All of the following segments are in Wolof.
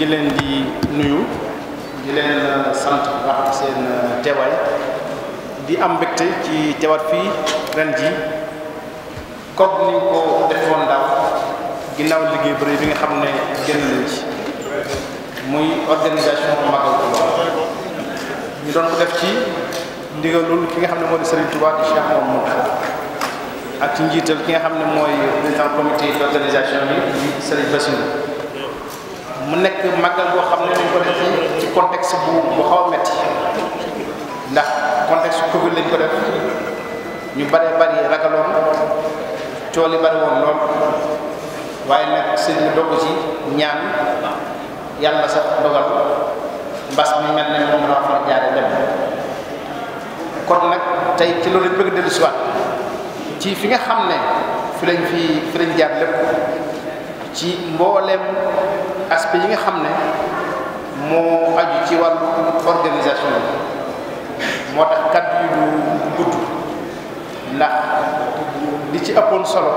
ngi leen di nuyu di leen uh, sant bu baax seen uh, teewaay di am mbégte ci teewaat fii ren ji comme ni ko defoon daaw ginnaaw liggéey bëri bi nga xam ne génn nañ ci muy organisation Magal Touba ñu def ci ndigalul ki nga xam ne moo di Serigne Touba di Cheikh Mamadou ak ci njiital ki nga xam ne mooy président comité d'organisation bi Serigne Bassirou mu nekk màggal boo xam ne dañ ko def ci contexte bu bu xaw a metti ndax contexte Covid lañ ko def ñu bare bari ragaloon cool yi bari woon lool waaye nag sëñ bi dogg ci ñaan yàlla sax dogal mbas mi mel ne moom la fa jaare dem kon nag tey ci loolu lañ bëgg dellu si waat ci fi nga xam ne fi lañ fi fi lañ jaar lépp ci mbooleem aspect yi nga xam ne moo aju ci wàllu organisation bi moo tax kàddu yi du gudd ndax li ci ëppoon solo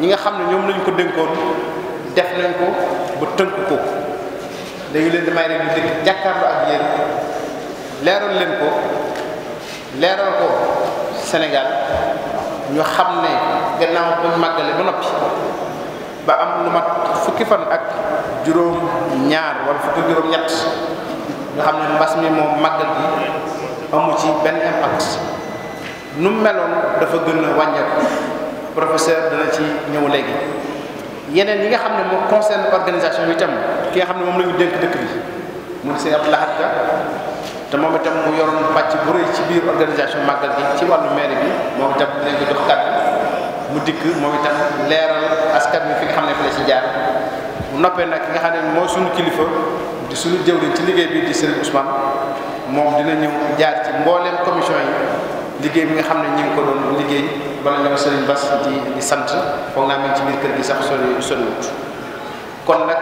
ñi nga xam ne ñoom lañ ko dénkoon def nañ ko ba tënk ko léegi leen damay rek ñu dëkk jàkkaarloo ak yéen leeral leen ko leeral ko Sénégal ñu xam ne gannaaw buñ màggale ba noppi ba am lu mat fukki fan ak juróom ñaar wala fukk juróom ñett nga xam ne mbas mi moom màggal bi amu ci benn impact nu meloon dafa gën a wàññeeku professeur dana ci ñëw léegi yeneen yi nga xam ne moom concerne organisation bi itam ki nga xam ne moom la ñu dénk dëkk bi mu ngi seen ab laxat ka te moom itam mu yoroon pàcc bu rëy ci biir organisation màggal bi ci wàllu maire bi moom itam dinañ ko jox kàddu mu dikk moom itam leeral askan bi fi nga xam ne fi la si jaar bu noppee nag ki nga xam ne mooy suñu kilifa di suñu jëwriñ ci liggéey bii di Serigne Ousmane moom dina ñëw jaar ci mbooleem commission yi liggéey bi nga xam ne ñu ngi ko doon liggéey bala ñëw Serigne Bass di di sant foog naa mi ci biir kër gi sax sori soriwut kon nag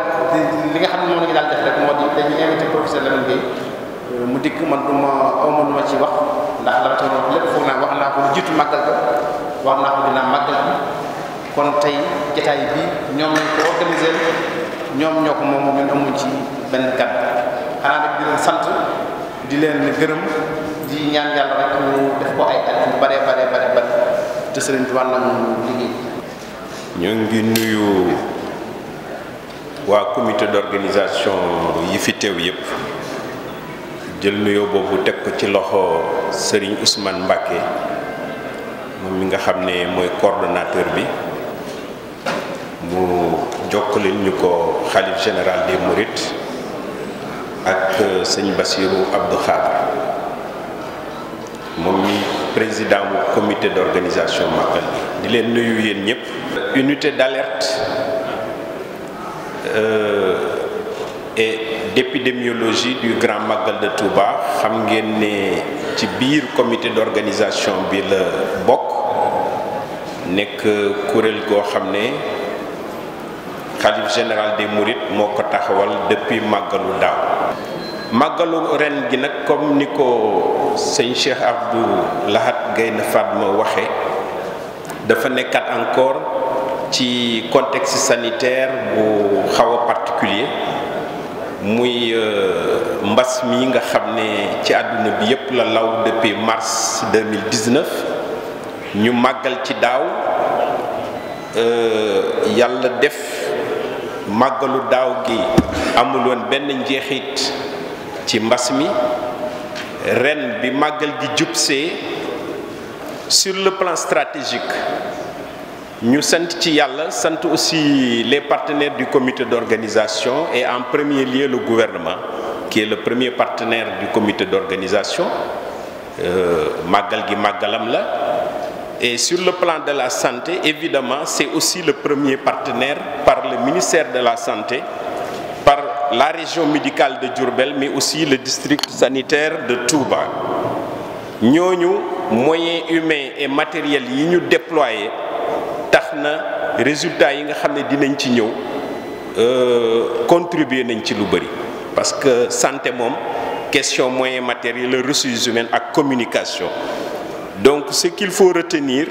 li nga xam ne moom la ñu daal def rek moo di dañuy invité professeur Lamine Gueye euh, mu dikk man du ma awma lu ma ci wax ndax la ma ci wax lépp foog naa wax naa ko lu jiitu màggal ko wax naa ko dinaa màggal bi kon tey jataay bi ñoom lañ ko organisé ñoom ñoo ko moom ñun amuñ ci benn kàddu xanaa nag di leen sant di leen gërëm di ñaan yàlla rek ñu def ko ay at bare bare bare bare te sëriñ Tuubaa nangu liggéey ñu ngi nuyu waa comité d'organisation yi fi teew yépp jël nuyo boobu teg ko ci loxo sëriñ Ousmane Mbacké moom mi nga xam ne mooy coordonnateur bi mu jokkalil ñu ko xalif général des Mourides ak euh, sëñ Bassirou Abdou Khadre moom mi président bu comité d'organisation Magal di leen nuyu yéen ñëpp. unité d'alerte euh, et d'épidémiologie du Grand Magal de Touba xam ngeen ne ci biir comité d'organisation bi la bokk nekk kuréel goo xam ne. xalif général des Mourides moo ko taxawal depuis màggalu daaw màggalu ren gi nag comme ni ko sëñ Cheikh Abdou Lahat Gaynde Fatma waxee dafa nekkat encore ci contexte sanitaire bu xaw a particulier muy euh, mbas mi nga xam ne ci àdduna bi yépp la law depuis mars 2019 ñu màggal ci daaw euh, yàlla def màggalu daaw gi amul woon benn njeexit ci mbas mi ren bi màggal gi jubsee sur le plan stratégique ñu sant ci yàlla sant aussi les partenaires du comité d'organisation et en premier lieu le gouvernement qui est le premier partenaire du comité d'organisation euh, màggal gi màggalam la Et sur le plan de la santé, évidemment, c'est aussi le premier partenaire par le ministère de la Santé, par la région médicale de Djurbel, mais aussi le district sanitaire de Touba. ñooñu moyens humains et matériels yi ñu déployé tax na résultats yi nga xam ne dinañ ci ñëw euh, contribuer nañ ci lu bëri parce que santé moom question moyens matériels ressources humaines ak communication donc ce qu'il faut retenir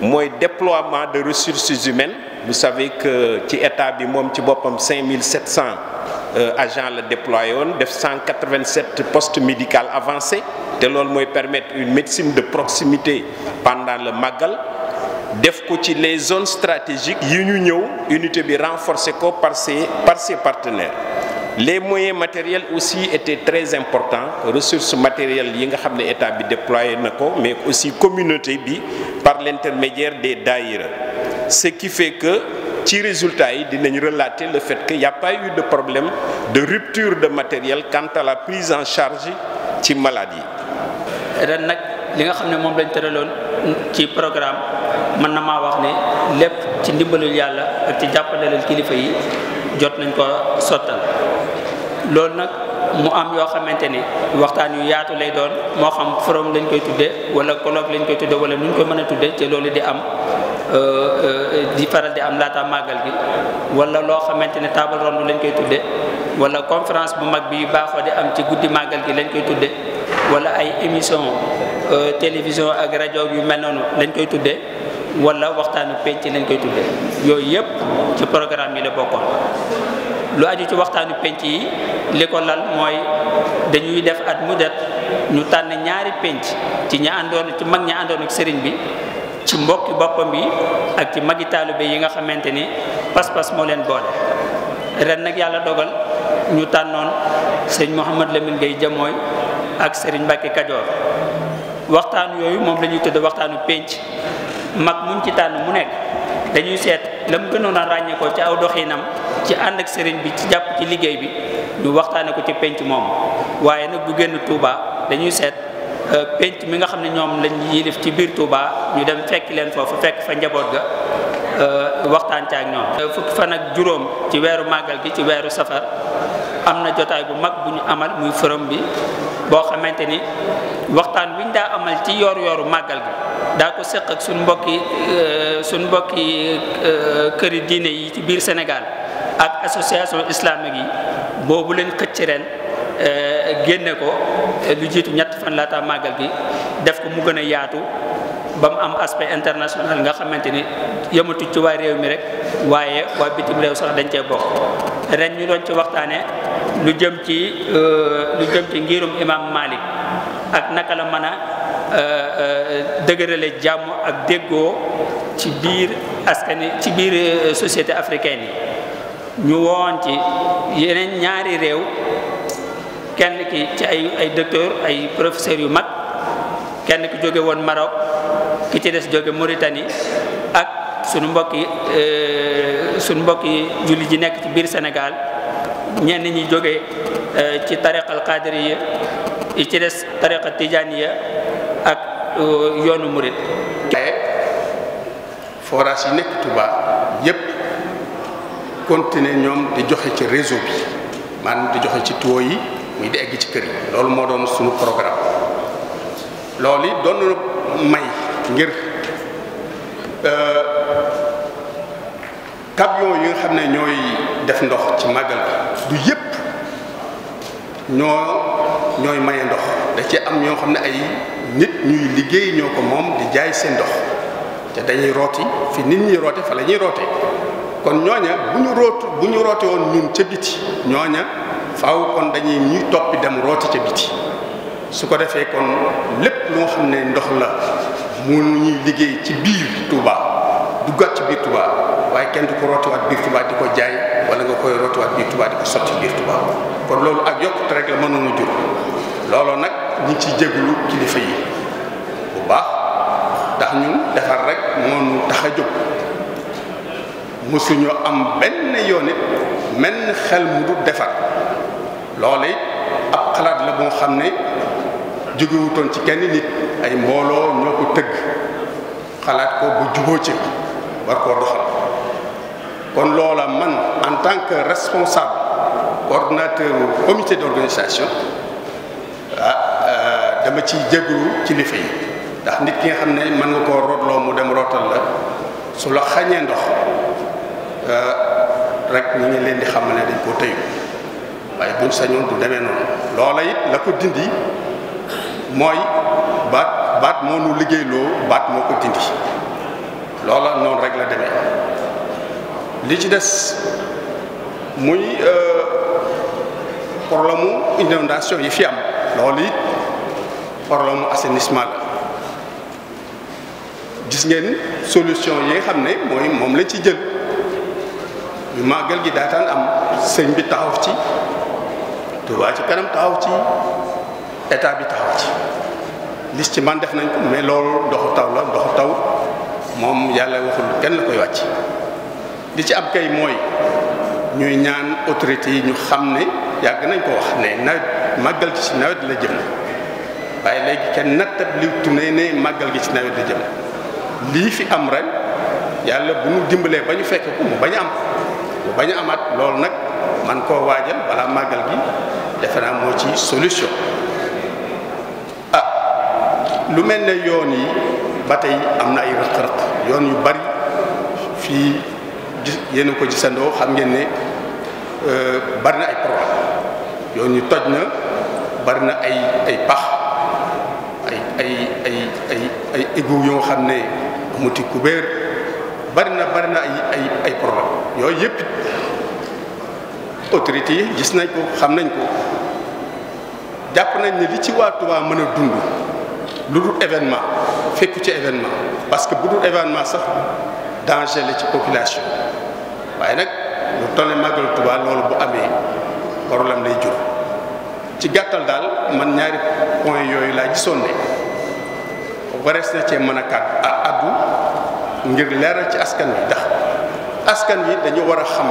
mooy déploiement de ressources humaines vous savez que ci état bi moom ci boppam 5700 euh, agents la déployé woon def 187 postes médicaux avancés te loolu mooy permettre une médecine de proximité pendant le màggal def ko ci les zones stratégiques yi ñu ñëw unité bi renforcer ko par ses par ses partenaires les moyens matériels aussi étaient très importants ressources matérielles yi nga xam ne état bi déployé na ko mais aussi communauté bi par l'intermédiaire des daïra ce qui fait que ci résultat yi dinañ relater le fait que y pas eu de problème de rupture de matériel quant à la prise en charge ci malade ren nag li nga xam ne moom lañ tëraloon ci programme mën na ma wax ne lépp ci ndimbalul yàlla ak ci jàppalelal kilifa yi jot nañ ko sottal loolu nag mu am yoo xamante ni waxtaan yu yaatu lay doon moo xam forum lañ koy tudde wala colloque lañ koy tudde wala nu ñu koy mën a di am euh, euh, di faral di am laata màggal gi wala loo xamante ne table ronde lañ koy tudde wala conférence bu mag bi baaxoo di am ci guddi màggal gi lañ koy tudde wala ay émission euh, télévision ak rajo yu mel noonu lañ koy tudde wala waxtaanu penc lañ koy tudde yooyu yëpp ci programme yi la bokkoon lu aju ci waxtaanu penc yi li ko lal mooy dañuy def at mu det ñu tànn ñaari pénc ci ña ci mag ñi àndoon ak sëriñ bi ci mbokki boppam bi ak ci magi taalibe yi nga xamante ni pas-pas moo leen boole ren nag yàlla dogal ñu tànnoon sëñ Mouhamad Lamine Gueye Jamooy ak sëriñ Mbacke Kajoor waxtaan yooyu moom lañuy tëdd tudd waxtaanu pénc mag muñ ci tànn mu nekk dañuy seet la mu gënoon a ràññee ci aw doxinam ci ànd ak sëriñ bi ci jàpp ci liggéey bi ñu waxtaane ko ci penc moom waaye nag du génn tuuba dañuy seet euh, pénc mi nga xam ne ñoom lañ yilif ci biir Touba ñu dem fekk leen foofu fekk fa njaboot ga euh, waxtaan ca ak ñoom euh, fukki fan ak juróom ci weeru màggal gi ci weeru safar am na jotaay bu mag bu ñu amal muy forum bi boo xamante ni waxtaan wiñ daa amal ci yoor yooru màggal gi daa ko séq ak suñ mbokki suñ mbokki këri diine yi ci biir Sénégal ak association islamique yi boobu leen xëcc ren euh, génne ko lu jiitu ñett fan laata màggal gi def ko mu gën a yaatu ba mu am aspect international nga xamante ni yëmatu ci waa réew mi rek waaye waa bitim réew sax dañ cee bokk reen ñu doon ci waxtaane lu jëm ci euh, lu jëm ci ngirum imam Malik ak naka la mën a euh, dëgërale jàmm ak déggoo ci biir askani ci biir société africaine yi ñu woon ci yeneen ñaari réew kenn ki ci ay ay docteur ay professeurs yu mag kenn ki jóge woon Maroc ki ci des jóge Mauritanie ak suñu mbokki euh, suñu mbokki julli ji nekk ci biir Sénégal ñenn ñi jóge euh, ci tariqa al qadiriya yi ci des tariqa tijaniya ak euh, yoonu murit. waaye yi nekk Touba yépp continuer ñoom di joxe ci réseau bi maanaam di joxe ci tuwo yi muy di egg ci kër yi loolu moo doon suñu programme loolu it doon na may ngir euh, camion yi nga xam ne ñooy def ndox ci màggal bi du yépp ñoo ñooy maye ndox da ci am ñoo xam ne ay nit ñuy liggéey ñoo ko moom di jaay seen ndox te dañuy rooti fi nit ñi roote fa lañuy ñuy rootee kon ñooña bu ñu rootu bu ñu roote woon ñun ca biti ñooña faaw kon dañuy ñuy toppi dem rooti ca biti su ko defee kon lépp loo xam ne ndox la mu ñuy liggéey ci biir Touba duggaat ci biir Touba waaye kenn du ko rootiwaat biir Touba di ko jaay wala nga koy rootiwaat biir Touba di ko sotti biir Touba kon loolu ak yokkute rek la mënoon a jur looloo nag ñi ci jéglu kilifa yi bu baax ndax ñun defar rek moo tax a jóg musuñu am benn yoon it menn xel mu du defar loola it ab xalaat la boo xam ne jógewutoon ci kenn nit ay mbooloo ñoo ko tëgg xalaat ko bu juboo ci war koo doxal kon loola man en tant que responsable coordonnateur comité d'organisation ah euh, dama ci jégalu kilifa yi ndax nit ki nga xam ne mën nga koo rootloo mu dem rootal la su la xañee ndox Euh, rek ñu ngi leen di xam ne dañ koo tëyu waaye buñ sañoon du demee noonu loola it la ko dindi mooy baat baat moo nu liggéeyloo baat moo ko dindi loola noonu rek la demee li ci des muy euh, problème mu inondation yi fi am loolu it problème mu assainissement la gis ngeen solution yi nga xam ne mooy moom lañ ci jël màggal gi daataan am sëñ bi taxaw ci Touba ci kanam taxaw ci état bi taxaw ci lis ci man def nañ ko mais loolu ndoxu taw la ndoxu taw moom yàlla waxul kenn la koy wàcc li ci ab kay mooy ñuy ñaan autorité yi ñu xam ne yàgg nañ ko wax ne nawet màggal gi ci nawet la jëm waaye léegi kenn nattab li tune ne màggal gi ci nawet la jëm lii fi am ren yàlla bu ñu dimbalee ba ñu fekk ko mu bañ am mu bañ a amaat loolu nag man koo waajal balaa màggal gi defe naa moo ci solution a ah, lu mel ne yoon yi ba tey am na ay rëq-rëq yoon yu bari fii gis yéen ko gisandoo xam ngeen ne euh, bari na ay problème yoon yu toj na bari na ay ay pax ay ay ay ay ay égout yoo xam ne amuti kubéer bari na bari na ay ay ay problème yooyu yëpp autorité yi gis nañ ko xam nañ ko jàpp nañ ni li ci waa Touba mën a dund lu dul événement fekku ci événement parce que bu dul événement sax danger la ci population waaye nag lu tolle màggal Touba loolu bu amee problème lay jur ci gàttal daal man ñaari point yooyu laa gisoon ne warees na cee mën a kàddu addu ngir leeral ci askan wi ndax askan wi dañu war a xam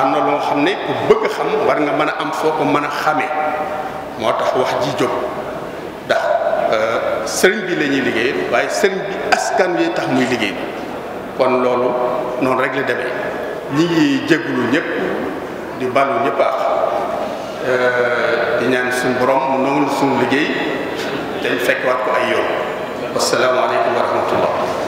am na loo xam ne ku bëgg xam war nga mën a am foo ko mën a xamee moo tax wax ji jóg ndax euh, sëriñ bi la ñuy liggéey waaye sëriñ bi askan wi tax muy liggéey kon loolu noonu rek la demee ñi ngi jéggulu ñëpp di balu ñëpp ak euh, di ñaan suñu borom mu nangul suñu liggéey dañ fekk waat ko ay yoon wasalaamualeykum wa rahmatullah